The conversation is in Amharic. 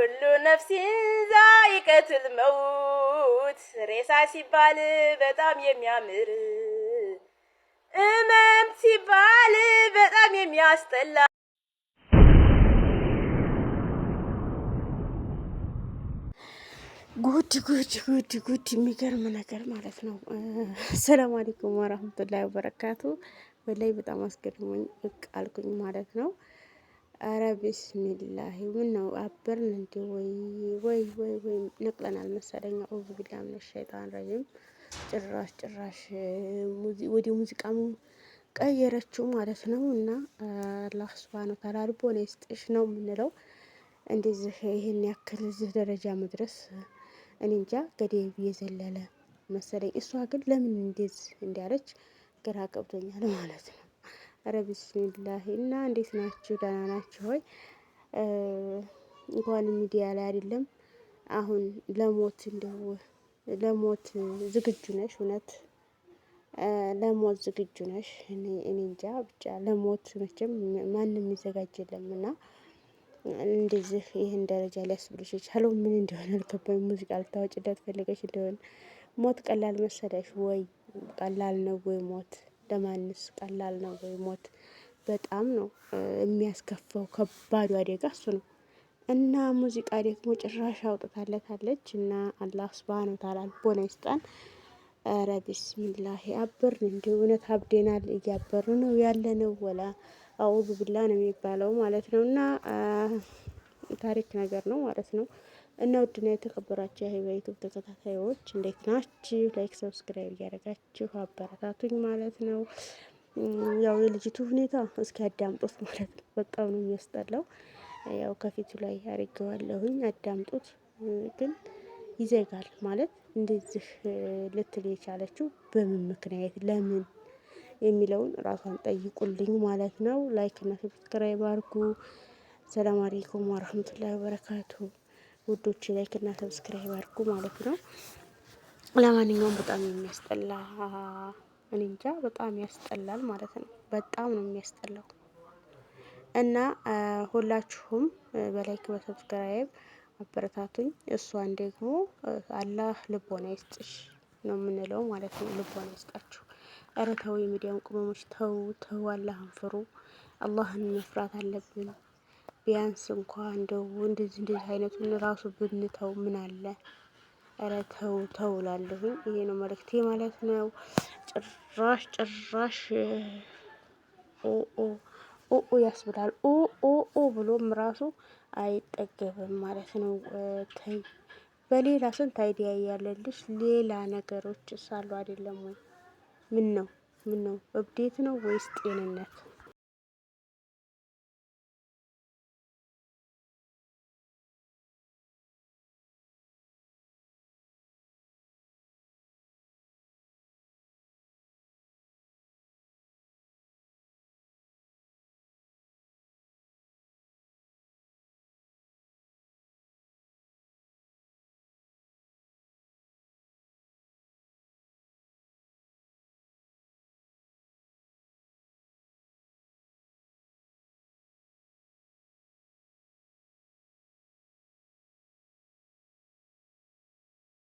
ሁሉ ነፍሲን ዛኢቀቱል መውት ሬሳ ሲባል በጣም የሚያምር እመም ሲባል በጣም የሚያስጠላ ጉድ ጉድ ጉድ ጉድ የሚገርም ነገር ማለት ነው። ሰላም አለይኩም ወራህመቱላሂ ወበረካቱ። ወላይ በጣም አስገርሞኝ ብቅ አልኩኝ ማለት ነው። አረ ቢስሚላሂ ምነው አበርን እንዴ? ወይ ወይ ወይ ወይ ነቅለናል መሰለኝ። ኦብ ቢላ ምን ሸይጣን ረጅም። ጭራሽ ጭራሽ ወዲ ሙዚቃ ቀየረችው ማለት ነው። እና አላህ ሱብሃነሁ ወተዓላ ልቦና ይስጥሽ ነው የምንለው። እንደዚህ ይህን ያክል እዚህ ደረጃ መድረስ እኔ እንጃ ገደብ የዘለለ መሰለኝ። እሷ ግን ለምን እንደዚህ እንዲያለች ግራ ገብቶኛል ማለት ነው። ኧረ ቢስሚላሂ እና እንዴት ናችሁ? ደህና ናችሁ ሆይ? እንኳን ሚዲያ ላይ አይደለም አሁን ለሞት እንደው ለሞት ዝግጁ ነሽ? እውነት ለሞት ዝግጁ ነሽ? እኔ እንጃ ብቻ ለሞት መቼም ማንም የሚዘጋጅ የለም እና እንደዚህ ይህን ደረጃ ሊያስብልሽ የቻለው ምን እንደሆነ አልገባኝ። ሙዚቃ ልታወጭ ፈልገሽ እንደሆነ ሞት ቀላል መሰለሽ ወይ? ቀላል ነው ወይ ሞት? ለማንስ ቀላል ነው ወይ ሞት? በጣም ነው የሚያስከፋው። ከባዱ አደጋ እሱ ነው። እና ሙዚቃ ደግሞ ጭራሽ አውጥታለታለች። እና አላህ ስብሃነ ወተዓላ ልቦና ይስጣን። ኧረ ቢስሚላሂ አብርን፣ እንዲ እውነት አብዴናል። እያበር ነው ያለነው ወላ አውዙ ቢላ ነው የሚባለው ማለት ነው። እና ታሪክ ነገር ነው ማለት ነው። እና ውድና የተከበራችሁ የዩቲዩብ ተከታታዮች እንዴት ናችሁ? ላይክ ሰብስክራይብ እያደረጋችሁ አበረታቱኝ ማለት ነው። ያው የልጅቱ ሁኔታ እስኪ አዳምጡት ማለት ነው። በጣም ነው የሚያስጠላው። ያው ከፊቱ ላይ አድርገዋለሁኝ። አዳምጡት። ግን ይዘጋል ማለት እንደዚህ ልትል የቻለችው በምን ምክንያት ለምን የሚለውን ራሷን ጠይቁልኝ ማለት ነው። ላይክ እና ሰብስክራይብ አድርጉ። ሰላም አሌይኩም ወረህመቱላሂ ወበረካቱሁ። ውዶች ላይክ እና ሰብስክራይብ አድርጉ ማለት ነው። ለማንኛውም በጣም የሚያስጠላ እኔ እንጃ በጣም ያስጠላል ማለት ነው። በጣም ነው የሚያስጠላው እና ሁላችሁም በላይክ በሰብስክራይብ አበረታቱኝ። እሷን ደግሞ አላህ ልቦና ይስጥሽ ነው የምንለው ማለት ነው። ልቦና ይስጣችሁ። ኧረ ተው፣ የሚዲያም ቅመሞች ተው ተው፣ አላህን ፍሩ። አላህን መፍራት አለብን። ቢያንስ እንኳ እንደው እንደዚህ እንደዚህ አይነቱን ራሱ ብንተው ምን አለ? ኧረ ተው ተው እላለሁኝ። ይሄ ነው መልእክቴ ማለት ነው። ጭራሽ ጭራሽ ኦኦ ያስብላል። ኦኦ ብሎም ራሱ አይጠገብም ማለት ነው። ተይ በሌላ ስንት አይዲያ እያለልሽ ሌላ ነገሮች ሳሉ አይደለም ወይ? ምን ነው ምን ነው እብዴት ነው ወይስ ጤንነት?